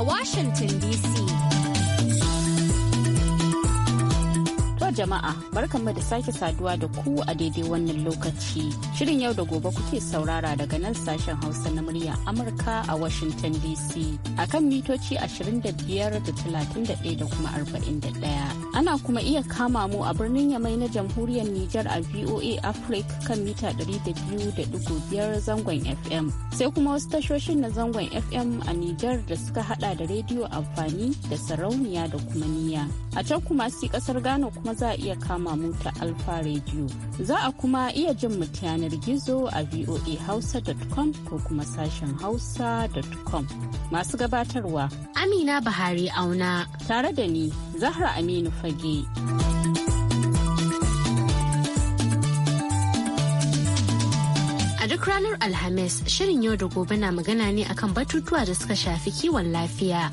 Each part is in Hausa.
a Washington DC. To jama'a barkanmu da sake saduwa da ku a daidai wannan lokaci. Shirin yau da gobe kuke saurara daga nan sashen Hausa na muryar Amurka a Washington DC akan mitoci 25 da 31 da kuma 41. Ana kuma iya kama mu a birnin Yamai na jamhuriyar Nijar a VOA Africa kan mita 200.5 zangon FM. Sai kuma wasu tashoshin na zangon FM a Nijar da suka hada da rediyo amfani da sarauniya da kuma niya. A can kuma si kasar Ghana kuma za a iya kama mu ta Alfa rediyo Za a kuma iya jin mu yanar gizo a voa Hausa.com ko kuma sashen hausa.com. Masu gabatarwa. Amina buhari Auna. Tare da ni, Zahra Aminu fage. A duk ranar Alhamis, shirin yau da gobe na magana ne akan batutuwa da suka shafi kiwon lafiya.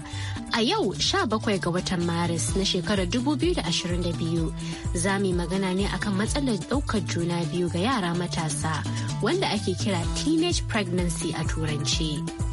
A yau 17 ga watan Maris na shekarar 2022 za mu magana ne akan matsalar ɗaukar juna biyu ga yara matasa wanda ake kira teenage pregnancy a turanci.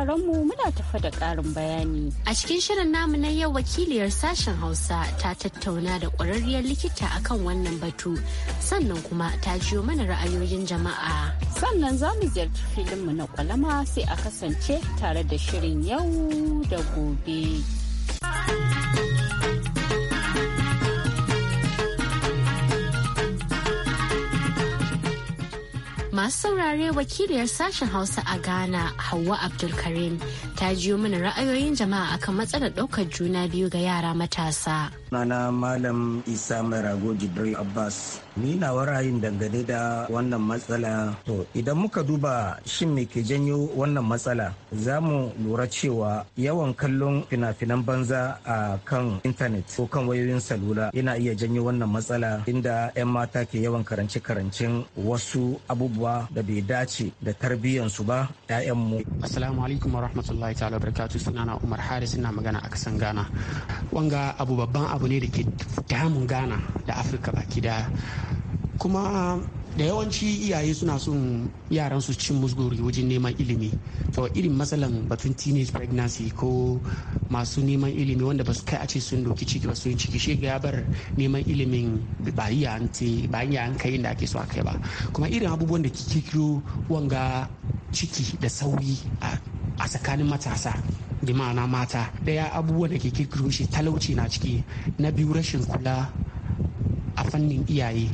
sauraron mu muna tafa da ƙarin bayani. A cikin shirin namu na yau wakiliyar sashen Hausa ta tattauna da ƙwararriyar likita akan wannan batu sannan kuma ta jiyo mana ra'ayoyin jama'a. Sannan za mu ziyarci filinmu na kwalama sai a kasance tare da shirin yau da gobe. Masu saurare wakiliyar sashen Hausa a Ghana, Hauwa Abdulkarim, ta jiyo mana ra'ayoyin jama'a akan matsalar ɗaukar juna biyu ga yara matasa. Nana Malam Isa Mai Rago Jibril Abbas, ni na ra'ayin dangane da wannan matsala. To, idan muka duba shin me ke janyo wannan matsala, za mu lura cewa yawan kallon fina-finan banza a kan intanet ko kan wayoyin salula yana iya janyo wannan matsala inda 'yan mata ke yawan karance-karancen wasu abubuwa da bai dace da tarbiyyansu ba 'ya'yanmu. Assalamu alaikum wa rahmatullahi ta'ala barakatu sunana Umar Haris ina magana a kasan Ghana. Wanga abu babban abu ne da ke damun Ghana da Afirka baki daya. Kuma da yawanci iyaye suna son yaran su cin musguri wajen neman ilimi to irin matsalan batun teenage pregnancy ko masu neman ilimi wanda ba su kai a ce sun doki ciki ba sun ciki shi ya bar neman ilimin ba iya an ba iya an kai inda ake so a kai ba kuma irin abubuwan da ke kiro wanga ciki da sauri a tsakanin matasa da ma'ana mata daya abubuwan da ke kirkiro shi talauci na ciki na biyu rashin kula a fannin iyaye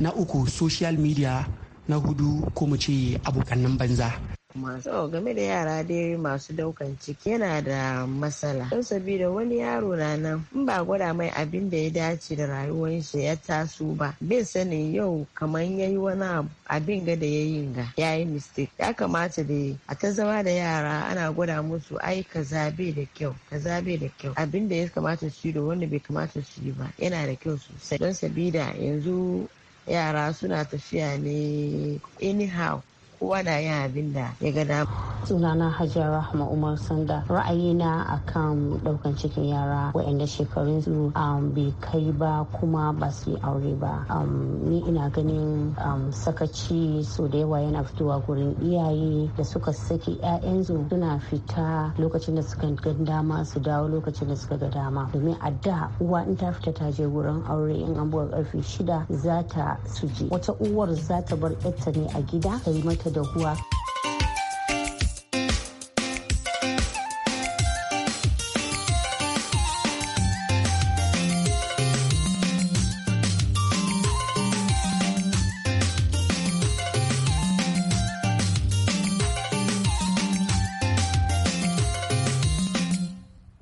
na uku social media na hudu ko mu ce abokan nan banza masu oh, game da yara dai masu daukan ciki yana da matsala don sabida wani yaro na nan in ba gwada mai abin da ya dace da rayuwar shi ya taso ba bin sanin yau kamar ya yi wani abin ga da ya yi ga ya yi mistake ya kamata da a ta zama da yara ana gwada musu ai ka zabe da kyau kaza bai da kyau abin da ya kamata su yi da wanda bai kamata su yi ba yana da kyau sosai don sabida yanzu yara suna tafiya ne anyhow kowa na yin abin da ya ga dama. sunana hajiya rahma umar sanda ra'ayina akan daukan cikin yara waɗanda shekarun su um, bai kai ba kuma ba su yi aure ba um, ni ina ganin um, sakaci so da yawa yana fitowa gurin iyaye da suka saki 'ya'yansu suna fita lokacin da suka ga dama su dawo lokacin da suka ga dama domin a da uwa in ta fita ta je wurin aure in an buga karfe shida za ta suje wata uwar za ta bar yarta ne a gida ta yi mata dahuwa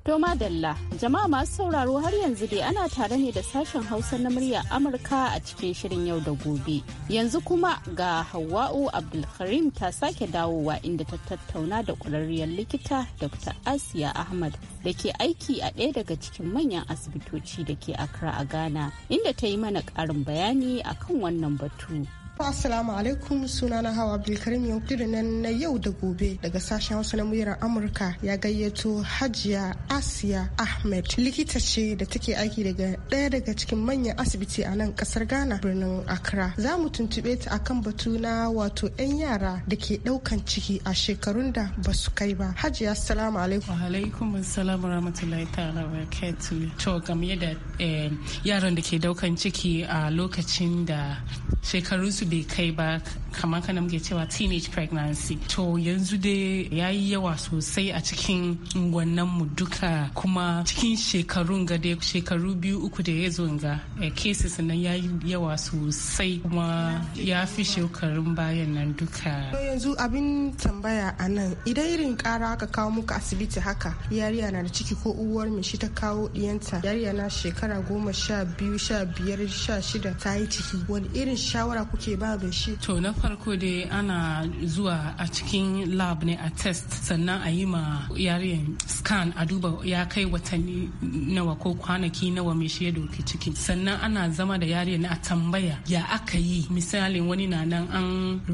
To Madalla, jama'a masu sauraro har yanzu dai ana tare ne da sashen Hausa na murya Amurka a cikin shirin yau da gobe. Yanzu kuma ga Hawwa'u Abdulkarim ta sake dawowa inda ta tattauna da ƙwararriyar likita Dr. Asiya Ahmad da ke aiki a ɗaya daga cikin manyan asibitoci da ke Accra a Ghana, inda ta yi mana ƙarin bayani akan wannan batu. Assalamu alaikum sunana Hawa Abdulkarim Yankudu nan na yau da gobe daga sashen Hausa na muryar Amurka ya gayyato Hajiya Asiya Ahmed likita ce da take aiki daga ɗaya daga cikin manyan asibiti a nan kasar Ghana birnin Accra. Za mu tuntube ta akan batu na wato 'yan yara da ke ɗaukan ciki a shekarun da ba su kai ba. Hajiya Assalamu alaikum. Wa alaikum assalam wa rahmatullahi ta'ala wa To game da eh, yaran da ke ɗaukan ciki a lokacin da shekarun su su bai kai ba kamar kana muke cewa teenage pregnancy to yanzu dai ya yi yawa sosai a cikin ungwannan mu duka kuma cikin shekarun ga dai shekaru biyu uku da ya zo ga eh, cases nan ya yi yawa sosai kuma ya fi shekarun bayan nan duka yanzu abin tambaya a nan idan irin kara aka kawo muka asibiti haka yariya na da ciki ko uwar mai shi ta kawo diyanta yariya na shekara goma sha biyu sha biyar sha shida ta yi ciki wani irin shawara kuke ba da shi to na farko dai ana zuwa a cikin lab ne a test sannan a yi ma yariyan scan a duba ya kai watanni nawa ko kwanaki nawa mai shi ya doki ciki sannan ana zama da yariyan a tambaya ya aka yi misali wani na nan an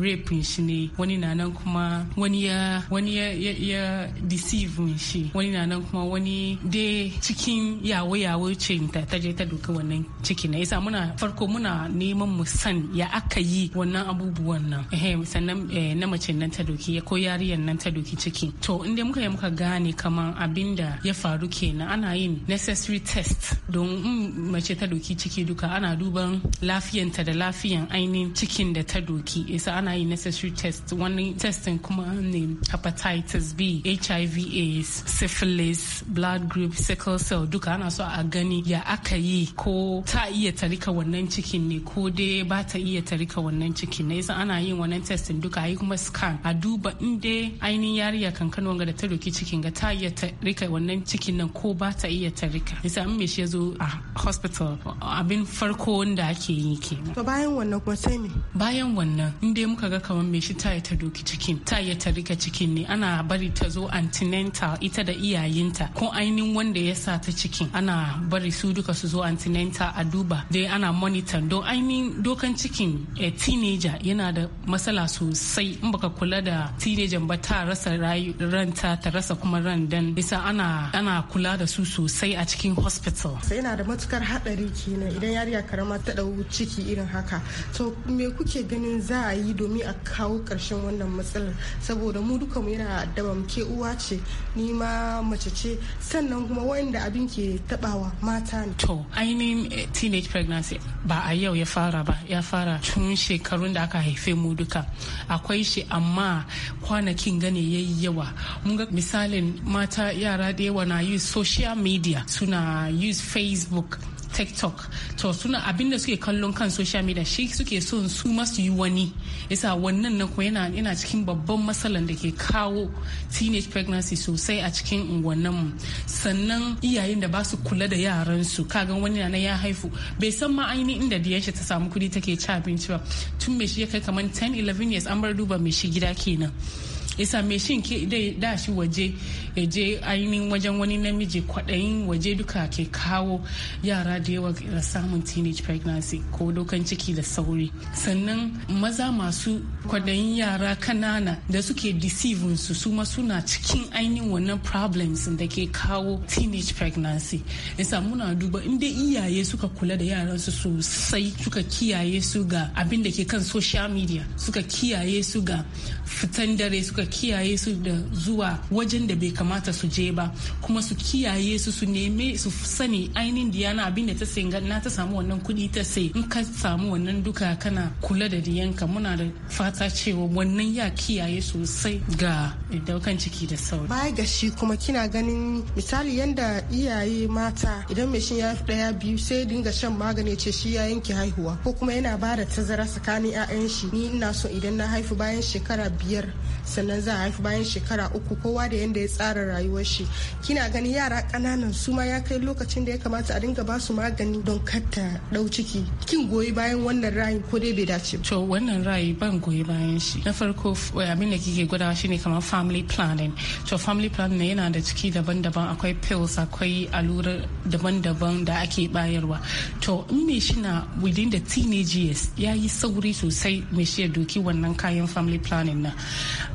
rape shi ne wani na nan kuma wani ya wani ya, ya, ya deceive shi wani na nan kuma wani dai cikin yawo yawo ce ta je ta doki wannan ciki na yasa muna farko muna neman mu san ya aka yi yi wannan abubuwan nan sannan eh, na mace nan ta doki ko yariyan nan ta doki ciki to in inda muka yi muka gane kaman abinda ya faru kenan ana yin necessary test don mace ta doki ciki duka ana duban lafiyanta da lafiyan ainihin cikin da ta doki isa ana yin necessary test wani testin kuma ne hepatitis b hiv aids syphilis blood group sickle cell duka ana so a gani ya aka yi ko ta iya tarika wannan cikin ne ko dai ba ta iya tarika wannan ciki na yasa ana yin wannan testin duka yi kuma scan a duba in dai ainihin yariya kankan wanga da ta doki cikin ga ta iya ta rika wannan cikin nan ko ba ta iya ta rika yasa in me shi ya zo a hospital abin farko wanda ake yi ke. to bayan wannan kuma sai me bayan wannan in dai muka ga kamar me shi ta iya ta doki cikin ta iya ta rika cikin ne ana bari ta zo antenatal ita da iyayenta ko ainihin wanda ya sa ta cikin ana bari su duka su zo antenatal a duba dai ana monitor don ainihin dokan cikin eh, teenager yana da matsala sosai in baka kula da teenager ba ta rasa ranta ta rasa kuma ran dan bisa ana ana kula da su sosai a cikin hospital sai yana da matukar hadari kenan idan yariya karama ta dau ciki irin haka to me kuke ganin za a yi domin a kawo karshen wannan matsalar saboda mu duka mu yana addaba ke uwa ce ni ma mace ce sannan kuma wanda abin ke tabawa mata ne to ainihin eh, teenage pregnancy ba a yau ya fara ba ya fara tun shekarun da aka haife mu duka akwai shi amma kwanakin gane yi yawa mun ga misalin mata yara da yawa na use social media suna use facebook tiktok to suna abinda suke kallon kan social media shi suke so su masu yi wani yasa wannan na kuma yana yana cikin babban matsalan da ke kawo teenage pregnancy sosai a cikin unguwannin sannan iyayen da ba su kula da yaran su kagan wani na ya haifu bai san ma ainihin inda diyan shi ta samu kudi take ci abinci ba tun mai shi ya kai kamar 10 11 years an bar duba mai shi gida kenan isa me shin ke da shi waje ya je ainihin wajen wani namiji kwaɗayin waje duka ke kawo yara da yawa da samun teenage pregnancy ko dokan ciki da sauri sannan maza masu kwaɗayin yara kanana da suke deceiving su su suna cikin ainihin wannan problems da ke kawo teenage pregnancy isa muna duba inda iyaye suka kula da yaran su sosai suka kiyaye su ga abin da ke kan social media suka kiyaye su ga fitan dare suka kiyaye su da zuwa wajen da bai kamata su je ba kuma su kiyaye su su neme su sani ainihin diyana abin da ta singa na ta samu wannan kuɗi ta sai in ka samu wannan duka kana kula da diyanka muna da fata cewa wannan ya kiyaye sosai ga daukan ciki da sauri. Baya ga shi kuma kina ganin misali yanda iyaye mata idan mai shi ya fi daya biyu sai dinga shan magani ce shi ya yanke haihuwa ko kuma yana ba da tazara tsakanin 'ya'yan shi ni ina so idan na haifu bayan shekara biyar sannan za a haifi bayan shekara uku kowa da yanda ya tsara rayuwar shi kina gani yara kananan su ma ya kai lokacin da ya kamata a dinga ba su magani don katta ɗau ciki kin goyi bayan wannan rayi ko dai bai dace to wannan rayi ban goyi bayan shi na farko abin da kike gwadawa shine kamar family planning to family planning yana da ciki daban-daban akwai pills akwai allurar daban-daban da ake bayarwa to in me shi na within the teenage years ya yi sauri sosai me shi ya doki wannan kayan family planning na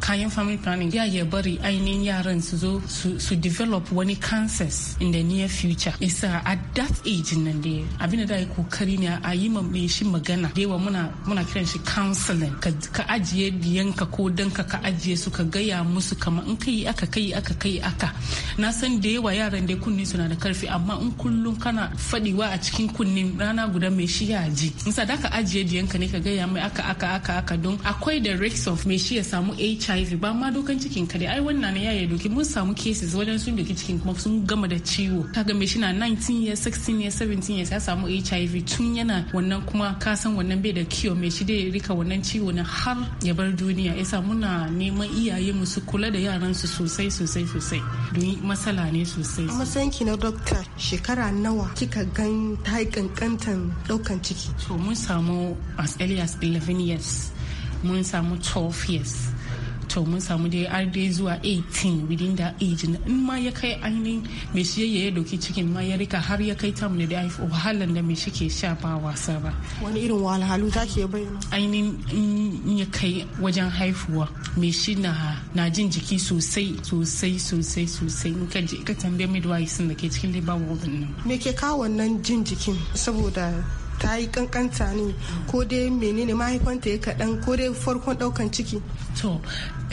kayan family planning ya ya bari ainihin yaran su zo su develop wani cancers in the near future isa at that age nan da abin da yi kokari ne a yi mai shi magana da yawa muna muna kiran shi counseling ka ajiye diyanka ko danka ka ajiye su ka gaya musu kama in kai aka kai aka kai aka na san da yawa yaran dai kunne suna da karfi amma in kullum kana fadiwa a cikin kunne rana guda mai shi ya ji in sadaka ajiye diyanka ne ka gaya mai aka aka aka aka don akwai the risk of mai shi ya samu HIV hiv ba ma dokan cikin ka dai ai wannan ne Ya'ya doki mun samu cases wajen sun doki cikin kuma sun gama da ciwo kaga mai shi na 19 years 16 years 17 years ya samu hiv tun yana wannan kuma ka san wannan bai da kiyo mai shi dai rika wannan ciwo na har ya bar duniya yasa muna neman iyaye mu su kula da yaran su sosai sosai sosai don matsala ne sosai masanki na doctor shekara nawa kika gan ta kankantan daukan ciki to mun samu as early as 11 years mun samu 12 years to mun samu dai har dai zuwa 18 within da age in ma ya kai ainihin mai shi ya doki cikin ma ya rika har ya kai tamu da dai wahalan da mai shi ke sha ba wasa ba wani irin wahalhalu ta ke bayyana ainihin in ya kai wajen haifuwa mai shi na na jin jiki sosai sosai sosai sosai in ka je ka tambaye midwives da ke cikin labor ward nan me ke kawo wannan jin jikin saboda ta yi kankanta ne ko dai menene mahaifanta ya kaɗan ko dai farkon ɗaukan ciki to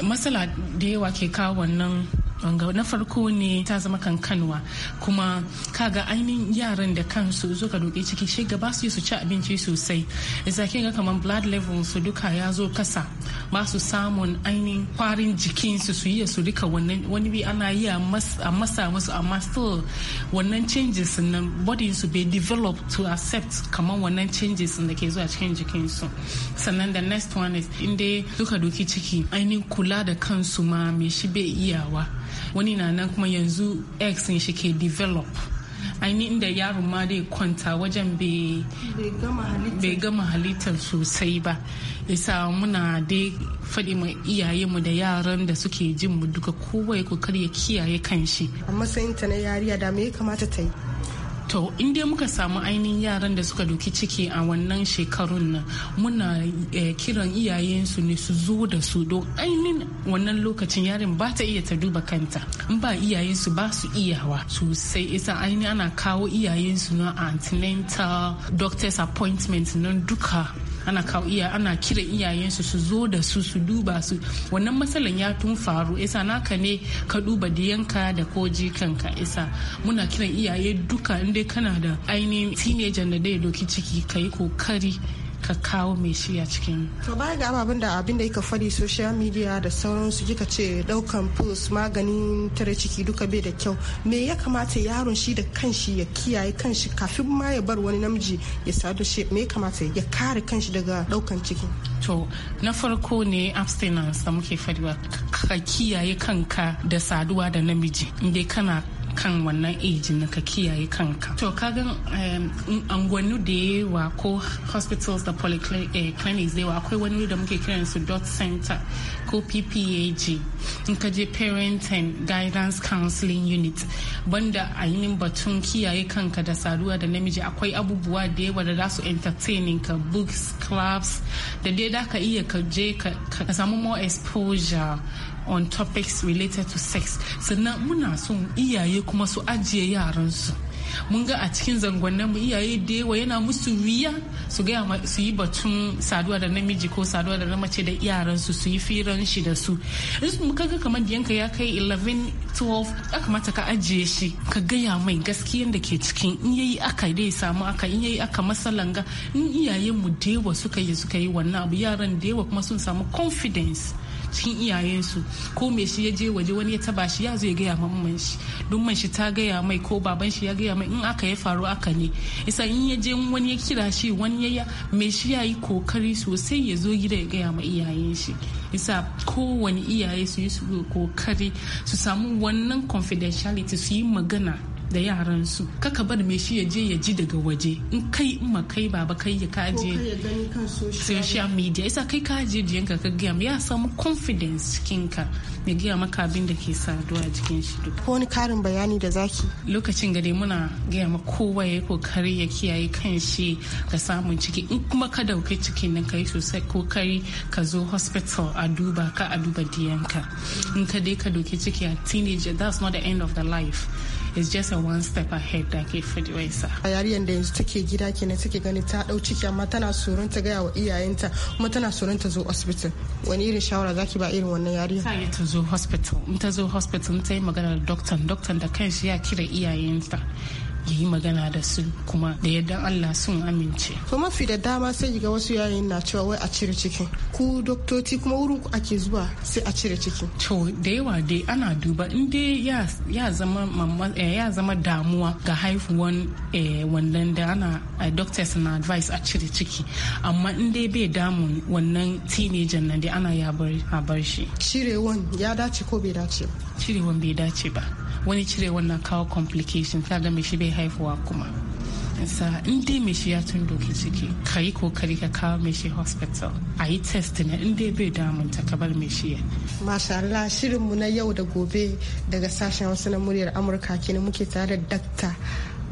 matsala da yawa ke kawo wannan banga na farko ne ta zama kankanwa kuma kaga ainihin yaran da kansu zo ka doke ciki shi gaba su yi su ci abinci sosai zaki ga kamar blood level su duka ya zo kasa ba su samun ainihin kwarin jikin su yi su duka wannan wani bi ana yi a masa musu amma still wannan changes na body su bai develop to accept kamar wannan changes da ke zuwa cikin su sannan the next one is inda duka doki ciki ainihin kula da kansu ma me shi bai iyawa wani na nan kuma yanzu x shi ke develop aini inda yaron ma dai kwanta wajen bai gama halittar sosai ba isa muna dai faɗi ma mu da yaran da suke jin mu duka kowai ya ya kiyaye kanshi a matsayin ta na yariya da me ya kamata ta yi to in dai muka samu ainihin yaran da suka doki ciki a wannan shekarun nan muna eh, kiran iyayensu ne su zo da su don ainihin wannan lokacin yarin ba ta iya ta duba kanta in ba iyayensu ba su iyawa sosai isa ainihin ana kawo iyayensu na antenatal doctor's appointment nan duka ana kawo iya ana kiran iyayensu su zo da su su duba su wannan matsalan ya tun faru isa naka ne ka duba diyanka da ko jikanka isa muna kiran iyaye duka inda kana da ainihin teenager da dai doki ciki ka yi kokari ka kawo mai shi a cikin to baya ga ababen da abin da kika fadi social media da sauransu kika ce daukan pulse maganin tare ciki duka bai da kyau me ya kamata yaron shi da kanshi ya kiyaye kanshi kafin ma ya bar wani namiji ya sadu shi me ya kamata ya kare kanshi daga daukan ciki to na farko ne abstinence da muke fadiwa ka kiyaye kanka da saduwa da namiji inda kana kan wannan age na ka kiyaye kanka to kagan angwani da yawa ko hospitals da polyclinics eh, da yawa akwai wani da muke kiran su dot center ko ppag in ka je parent and guidance counseling unit banda ainihin batun kiyaye kanka da saduwa da namiji akwai abubuwa da yawa da za su entertaining ka books clubs da dai da ka iya ka je ka samu more exposure on topics related to sex sannan muna son iyaye kuma su ajiye yaransu mun ga a cikin zangonnen mu iyaye da yawa yana musu wiya su gaya su yi batun saduwa da namiji ko saduwa da mace da yaransu su yi firan shi da su in muka ga kamar yanka ya kai 11 12 ya kamata ka ajiye shi ka gaya mai gaskiyan da ke cikin in yayi aka dai samu aka in yayi aka masalanga in iyayen mu da yawa suka yi suka yi wannan abu yaran da yawa kuma sun samu confidence cikin iyayensu ko me shi ya je waje wani ya taba shi ya zo ya gaya mamman shi don man shi ta gaya mai ko baban shi ya gaya mai in aka ya faru aka ne isa in ya je wani ya kira shi wani ya me shi ya yi kokari sosai ya zo gida ya gaya ma iyayen shi isa kowane iyaye su yi kokari su samu wannan confidentiality su yi magana da yaran su kaka bar me shi ya je ya ji daga waje in kai in ma kai baba kai ya kaje social media isa kai ka je diyanka ka gaya ya samu confidence ka ya gaya maka abin da ke saduwa jikin shi duk ko wani karin bayani da zaki lokacin gare muna gaya ma kowa ya kokari ya kiyaye kan shi ka samun ciki in kuma ka dauki cikin nan kai sosai kokari ka zo hospital a duba ka a duba diyanka in ka dai ka dauki ciki a teenager that's not the end of the life is just a one step ahead da ke sa. a yariyan da yanzu take gida ke kenan take gani ta dau ciki amma tana tsoron ta gaya wa iyayenta kuma tana tsoron ta zo hospital wani irin shawara zaki ba irin wannan yariyan sai ta zo hospital in ta zo hospital ta yi magana da doctor doctor da kanshi ya kira iyayenta ya yi magana da su kuma da yadda Allah sun amince. To mafi da dama sai ga wasu yayin na cewa wai a cire ciki. Ku doktoci kuma wurin ku ake zuwa sai a cire ciki. To da yawa dai ana duba in ya zama eh, ya zama damuwa ga haifuwan eh, wannan da ana eh, doctors na advice a cire ciki amma in dai bai damu wannan teenager nan dai ana ya bar shi. Cirewan ya dace ko bai dace ba? Cirewan bai dace ba. wani cire wannan kawo complication kaga mai shi bai haifuwa kuma sa in dai mai shi ya tun doki ciki ka yi kokari ka kawo mai shi hospital a yi test ne in dai bai damunta ka bar mai shi ya. masha Allah shirinmu na yau da gobe daga sashen wasu na muryar amurka kenan muke tare da dakta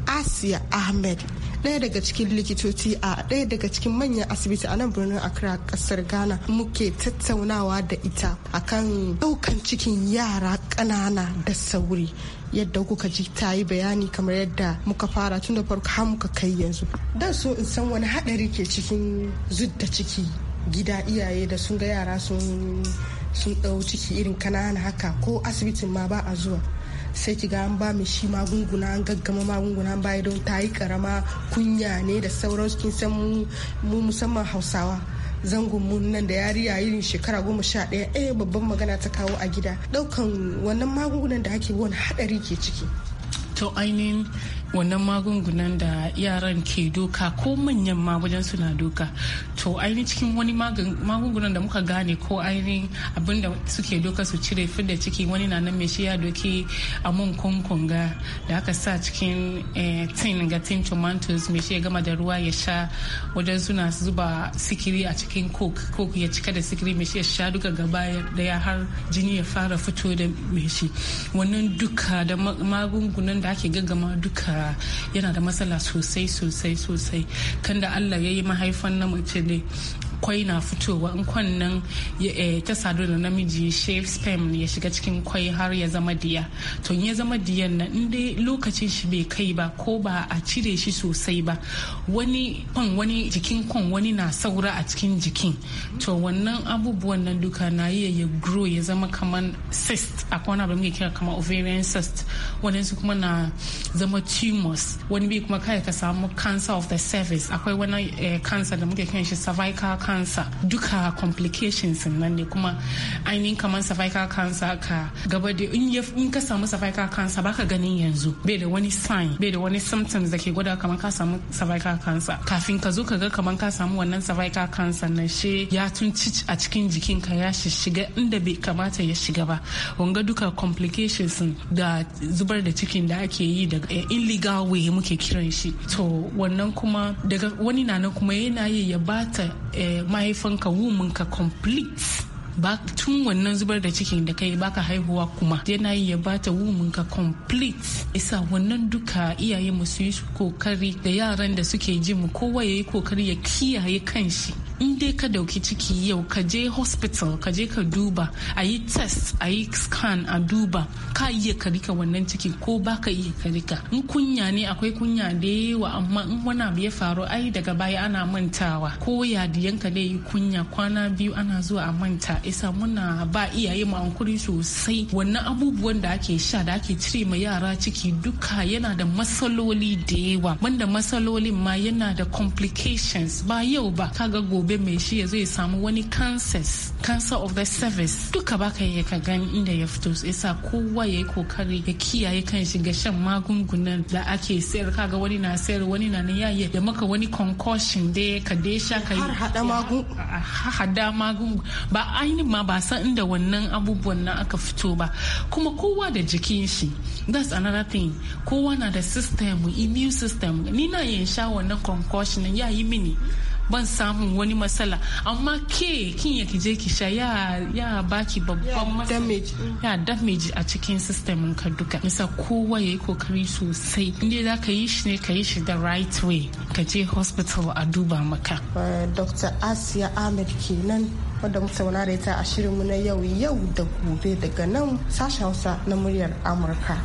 asiya ahmed ɗaya daga cikin likitoci a ɗaya daga cikin manyan asibiti a nan birnin Accra ƙasar Ghana muke tattaunawa da ita akan ɗaukan cikin yara ƙanana da sauri yadda kuka ji ta yi bayani kamar yadda muka fara tun da farko har muka kai yanzu dan so in san wani haɗari ke cikin zudda ciki gida iyaye da sun ga yara sun sun ɗau ciki irin kanana haka ko asibitin ma ba a zuwa sai ga an ba mu shi magunguna an gaggama magunguna baya don ta yi karama kunya ne da sauransu kin san mu musamman hausawa zangon mun nan da a irin shekara goma sha ɗaya eh babban magana ta kawo a gida ɗaukan wannan magungunan da ake wani haɗari ke ciki to ainihin wannan magungunan da yaran ke doka ko manyan ma wajen suna doka to ainihin cikin wani magungunan da muka gane ko ainihin abin suke doka su cire da ciki wani na nan shi ya doki a mun kunkunga da aka sa cikin eh, tin ga tin tomatoes mai shi ya gama da ruwa ya sha wajen suna zuba sikiri a cikin kok coke ya cika da sikiri mai shi ya sha duka gaba ya har jini ya fara fito da mai shi wannan duka da magungunan da ake gaggama duka yara yana da matsala sosai sosai sosai kan da allah ya yi mahaifan na mace ne kwai na fitowa in kwannan eh, ta sadu da namiji shave sperm ya shiga cikin kwai har ya zama diya to ya zama diyan na in lokacin shi bai kai ba ko ba a cire shi sosai ba wani kwan wani jikin kwan wani na saura a cikin jikin to wannan abubuwan nan duka na iya ya grow ya zama kaman cyst a kwana ba muke kira kamar ovarian cyst su kuma na zama tumors wani bai kuma kai ka samu cancer of the cervix akwai wani eh, cancer da muke kiran shi cervical cancer kansa duka complications nan ne kuma ainihin kamar cervical cancer ka gaba da in ka samu cervical cancer baka ganin yanzu bai da wani sign bai da wani symptoms da ke gwada kamar ka samu cervical cancer kafin ka zo ka ga kamar ka samu wannan cervical cancer nan she ya tunci a cikin jikin ka ya shiga inda bai kamata ya shiga ba wanga duka complications da zubar da cikin da ake yi daga eh, illegal way muke kiran shi to wannan kuma daga wani na kuma yana yi ya bata eh, mahaifanka womanka ka complete ba tun wannan zubar da cikin da kai baka haihuwa kuma yana yi ya bata wumin ka complete isa wannan duka iyaye mu su yi kokari da yaran da suke ji mu kowa ya yi kokari ya kiyaye kanshi in dai ka dauki ciki yau ka je hospital ka je ka duba a yi test a yi scan a duba ka iya ka rika wannan ciki ko ba ka iya ka rika in kunya ne akwai kunya da yawa amma in wani abu ya faru ai daga baya ana mantawa ko yadiyanka da yi kunya kwana biyu ana zuwa a manta isa muna ba iyaye mu hankuri sosai wannan abubuwan da ake sha da ake cire ma yara ciki duka yana da matsaloli da yawa banda matsalolin ma yana da complications ba yau ba kaga gobe mai shi ya zai samu wani cancers cancer of the service duka baka ya ka gani inda ya fito isa kowa ya yi kokari ya kiyaye kan shi ga shan magungunan da ake sayar kaga wani na sayar wani na na yaye da maka wani concussion da ka dai sha ka yi har hada magungun. ba an wani ma ba san inda wannan abubuwan na aka fito ba kuma kowa da jikin shi that's another thing kowa na da system immune system ni na yin sha wannan concussion ya yi mini ban samun wani matsala amma ke kin ya kije ki sha ya ya baki babban damage ya damage a cikin system ka duka misa kowa yayi kokari sosai inda za ka yi shi ne ka yi shi the right way ka je hospital a duba maka dr asiya ahmed kenan wadda muka sauna da ita a mu na yau yau da gobe daga nan sashen hausa na muryar amurka.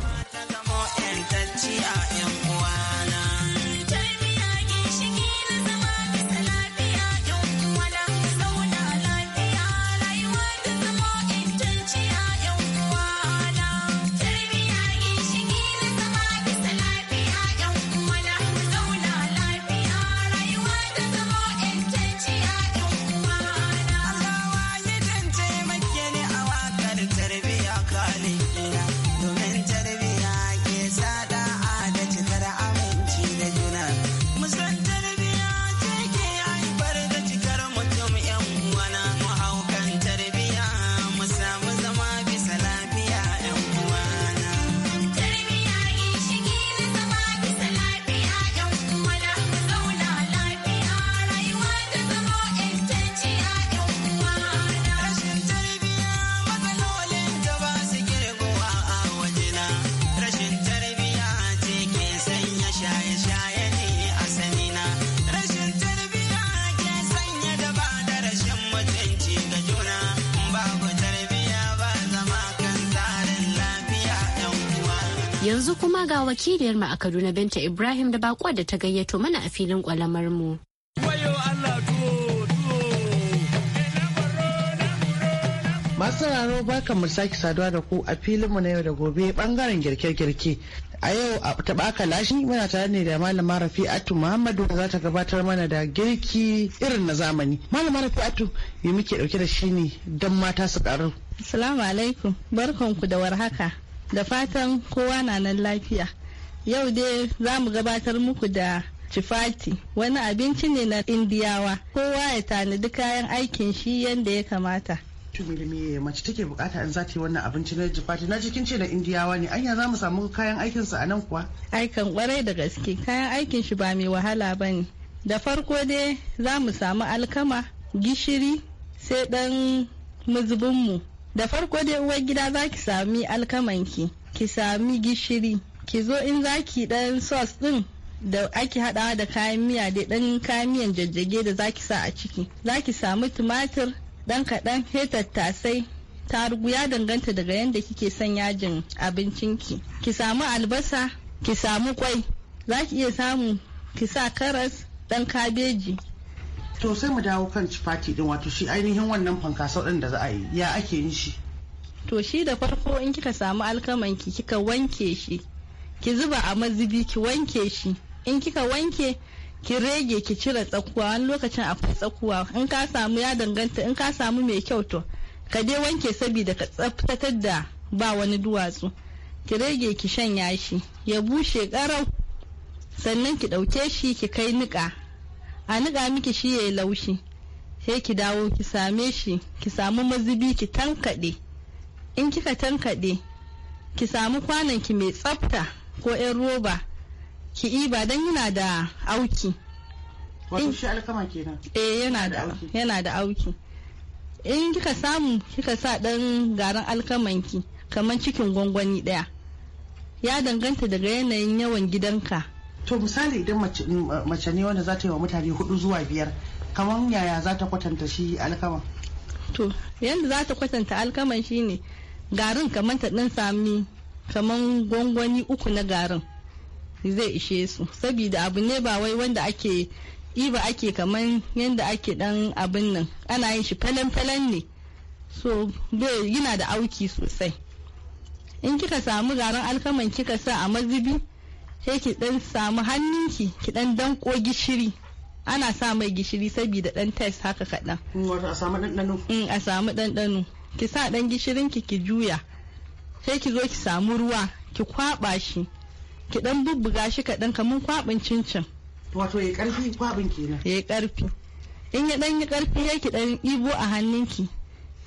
ga wakiliyar mu a Kaduna Binta Ibrahim da bako da ta gayyato mana a filin kwalamar mu. Masu sauraro barkan mu sake saduwa da ku a filin mu na yau da gobe bangaren girke-girke. A yau a taɓaka lashi muna tare ne da malama Rafi'atu Muhammadu za ta gabatar mana da girki irin na zamani. Malama Rafi'atu yi muke ɗauke da shi ne don mata su karu. Assalamu alaikum barkanku da warhaka. da fatan kowa na nan lafiya yau dai za mu gabatar muku da chifati wani abinci ne na indiyawa kowa ya tanadi kayan aikin shi yadda ya kamata me mace take bukata in za ta yi wannan abinci na jifati na cikin ce na indiyawa ne anya za mu samu kayan aikin sa a nan kuwa aikan kwarai da gaske kayan aikin shi ba mai wahala ba ne da farko dai za mu samu alkama gishiri sai dan muzubinmu da farko dai uwar gida za ki sami alkamanki ki sami gishiri ki zo in za ki dan sos din da ake hadawa da kayan miya da dan kayan miyan jajjage da za ki sa a ciki Za ki sami tumatir dan kaɗan he tattasai tarugu ya danganta daga yadda kike son yajin abincinki ki samu albasa ki samu kwai ki iya samu ki sa karas dan kabeji to sai mu dawo kan cifati din wato shi ainihin wannan fankasau din da za a yi ya ake yin shi to shi da farko in kika samu alkaman ki kika wanke shi ki zuba a mazubi ki wanke shi in kika wanke ki rege ki cire tsakuwa wani lokacin akwai tsakuwa in ka samu ya danganta in ka samu mai kyau to ka dai wanke saboda ka tsaftatar da ba wani duwatsu ki rage ki shanya shi ya bushe karau sannan ki ɗauke shi ki kai niƙa a niƙa miki shi ya laushi sai ki dawo ki same shi ki samu mazubi ki tankaɗe in kika tankaɗe ki samu kwanan ki mai tsafta ko 'yan roba ki iba don yana da auki shi alkama kenan eh yana da yana da auki in kika samu kika sa dan garin alkamanki ki kamar cikin gwangwani daya ya danganta daga yanayin yawan gidanka to misali idan mace ne wanda za ta yi wa mutane hudu zuwa biyar kamar yaya za ta kwatanta shi alkama to yadda za ta kwatanta alkaman ne garin kamar ta dan sami kamar gwangwani uku na garin zai ishe su saboda abu ne ba wai wanda ake iba ake kaman yadda ake dan abin nan ana yin shi falen-falen ne so bai yana da auki sosai in kika samu garin alkaman kika sa a mazubi sai ki dan samu hannunki ki dan danko gishiri ana sa mai gishiri saboda dan test haka kaɗan. Mm, wato a samu ɗanɗano. Mm, a samu ɗanɗano. Ki sa dan gishirin ki ki juya. Sai ki zo ki samu ruwa ki kwaɓa shi. Ki dan bubbuga shi kaɗan kamar kwaɓin cincin. Wato ya karfi kwaɓin kenan. Ya karfi In ya dan yi karfi ya ki dan ibo a hannunki.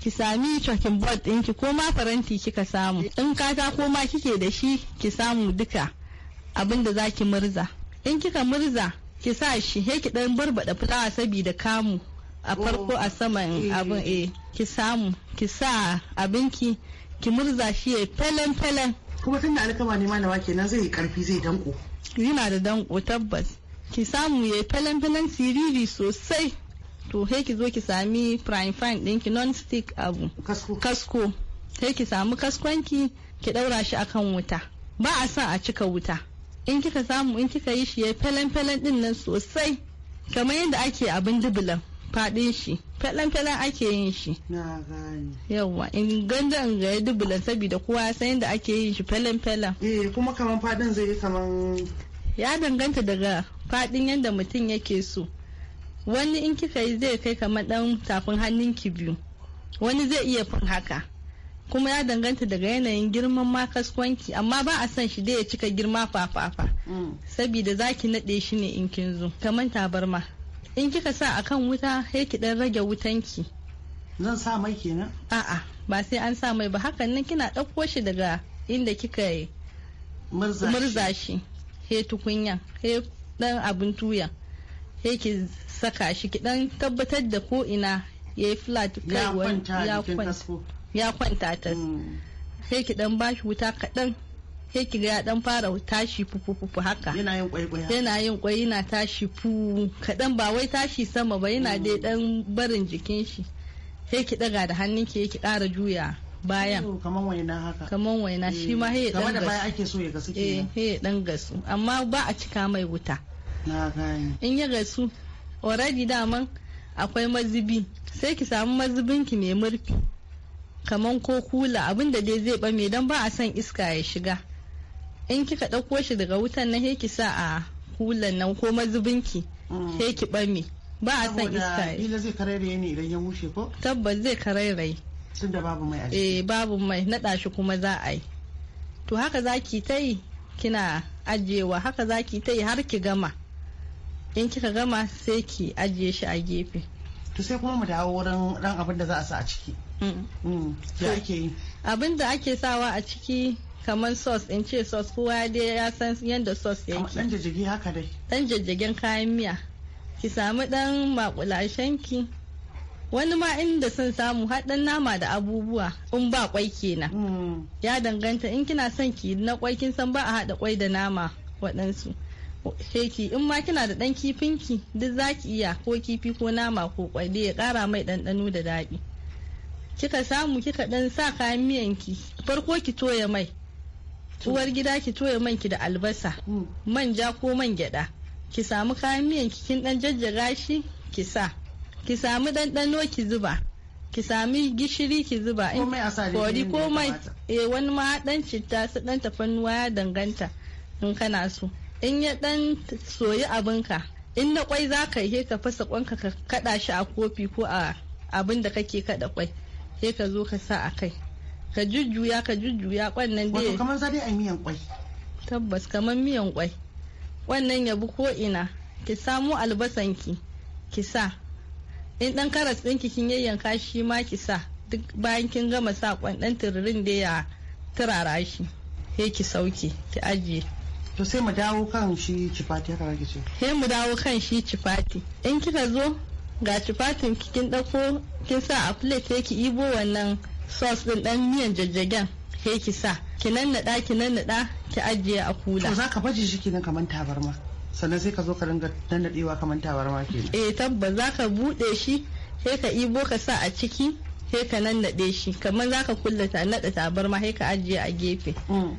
Ki sami chalking board ɗinki ko ma faranti kika samu. In katako ma kike da shi ki samu duka. abin da zaki murza in kika murza ki sa shi he ki dan barbada fulawa saboda kamu a farko a saman oh, eh, abin eh, eh ki samu ki sa abinki ki murza shi ya felen felen kuma tun da alkama ne malama kenan zai yi karfi zai danko yana da danko tabbas ki samu ya felen felen siriri sosai to he ki zo ki sami prime fine ɗinki non stick abu kasko he ki samu kaskonki ki ɗaura shi akan wuta ba a son a cika wuta in kika samu in kika yi shi ya falen-falen din nan sosai kamar yadda ake abin dubulan faɗin shi falen-falen ake yin shi yawa in gandan ga dubulan saboda kowa ya san yadda ake yin shi falen-falen eh kuma kamar faɗin zai yi kamar ya danganta daga faɗin yadda mutum yake so wani in kika yi zai kai kamar ɗan tafin hannunki biyu wani zai iya fin haka kuma ya danganta daga yanayin girman ma kaskwanki amma ba a son shi dai ya cika girma fafafa mm. saboda zaki nade shi ne in kin zo kamar tabarma in kika sa akan wuta sai ki dan rage wutanki zan sa mai kenan a'a ba sai an sa mai ba hakan nan kina ɗauko shi daga inda kika yi murza shi he tukunya he dan abun tuya he ki saka shi ki dan tabbatar da ko ina ya yi flat ya kwanta ya kwanta ta hmm. sai ki dan bashi wuta kaɗan sai ki ga ya dan fara tashi fufufufu haka yana yin yana kwai yana tashi fu kaɗan ba wai tashi sama ba yana dai hmm. dan barin jikin shi sai ki daga da hannun ki ki ƙara juya bayan oh, kaman waina haka kaman waina shi ma eh, he dan gasu kamar ake so ya gasu eh he dan gasu amma ba a cika mai wuta na gani in ya gasu already daman akwai mazubi sai ki samu mazubin ki mai murfi kaman ko kula abinda dai zai bame don ba a son iska ya shiga in kika ɗauko shi daga wutan na heki sa a kulan nan ko mazubinki mm. heki bame ba a son iska ya zai karairaye ne idan ya wuce ko tabbas zai karairaye tunda babu mai a eh babu mai naɗa shi kuma za a yi to haka zaki ta yi kina ajiyewa haka zaki ta yi har ki gama in kika gama sai ki ajiye shi a gefe to sai kuma mu dawo wurin ran abin da za a sa a ciki Mm. Mm. abin da ake sawa a ciki kamar sauce in ce sauce kowa dai ya san yadda sauce yake dan jajjage dan jajjagen kayan miya ki samu dan makulashen ki wani ma inda sun samu haɗin nama da abubuwa in ba kwai kenan mm. ya danganta in kina son ki na kwai kin san ba a haɗa kwai da nama waɗansu sheki in ma kina da ɗan kifinki duk za ki iya ko kifi ko nama ko kwai ya ƙara mai ɗanɗano da daɗi kika samu kika dan sa kayan miyan ki farko ki toya mai uwar gida ki toya man ki da albasa mm. manja ko man gyada ki samu kayan miyan ki kin dan jajjaga shi ki sa ki samu ɗanɗano ki zuba ki sami gishiri ki zuba in kori mai eh wani ma dan citta su dan tafannuwa ya danganta in kana so in ya dan soyi abinka in na kwai za ka yi ka fasa kwanka ka kada shi a kofi ko a abin da kake kada kwai sai ka zo ka sa a kai ka jujjuya ka jujjuya kwannan dai wato kamar zabe ai a miyan kwai tabbas kamar miyan kwai wannan ya bi ko ina ki samo albasan ki Ki sa in dan karas ɗinki kin yayyanka shi ma ki sa duk bayan kin gama sa dan tururin da ya turara shi sai ki sauke ki ajiye to sai mu dawo kan shi cifati haka kake ce sai mu dawo kan shi cifati in kika zo ga tufatin kin ɗauko kin sa a plate sai ki ibo wannan sauce din dan miyan jajjagen sai ki sa ki nannada ki nannada ki ajiye a kula. To zaka baje shi kenan kamar tabarma sannan sai ka zo ka dinga nannadewa kamar tabarma kenan. Eh tabbas za ka shi sai ka ibo ka sa a ciki sai ka nannade shi kaman zaka ka ta nada tabarma sai ka ajiye a gefe. Mm.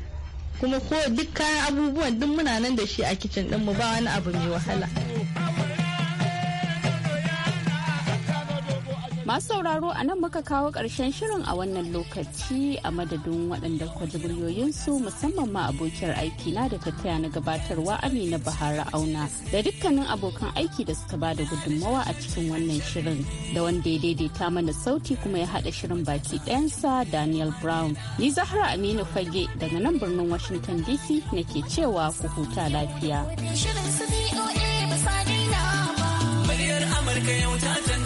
Kuma ko duk kayan abubuwan duk muna nan da shi a kicin din mu ba wani abu mai wahala. Masu sauraro a nan muka kawo ƙarshen shirin a wannan lokaci a madadin waɗanda su musamman ma abokiyar aiki na da ta taya na gabatarwa Amina Bahara Auna da dukkanin abokan aiki da suka bada gudunmawa a cikin wannan shirin da wanda ya daidaita mana sauti kuma ya haɗa shirin baki ɗayansa Daniel Brown. Ni Zahra Aminu Fage daga nan birnin Washington DC nake cewa ku huta lafiya. Muryar Amurka yau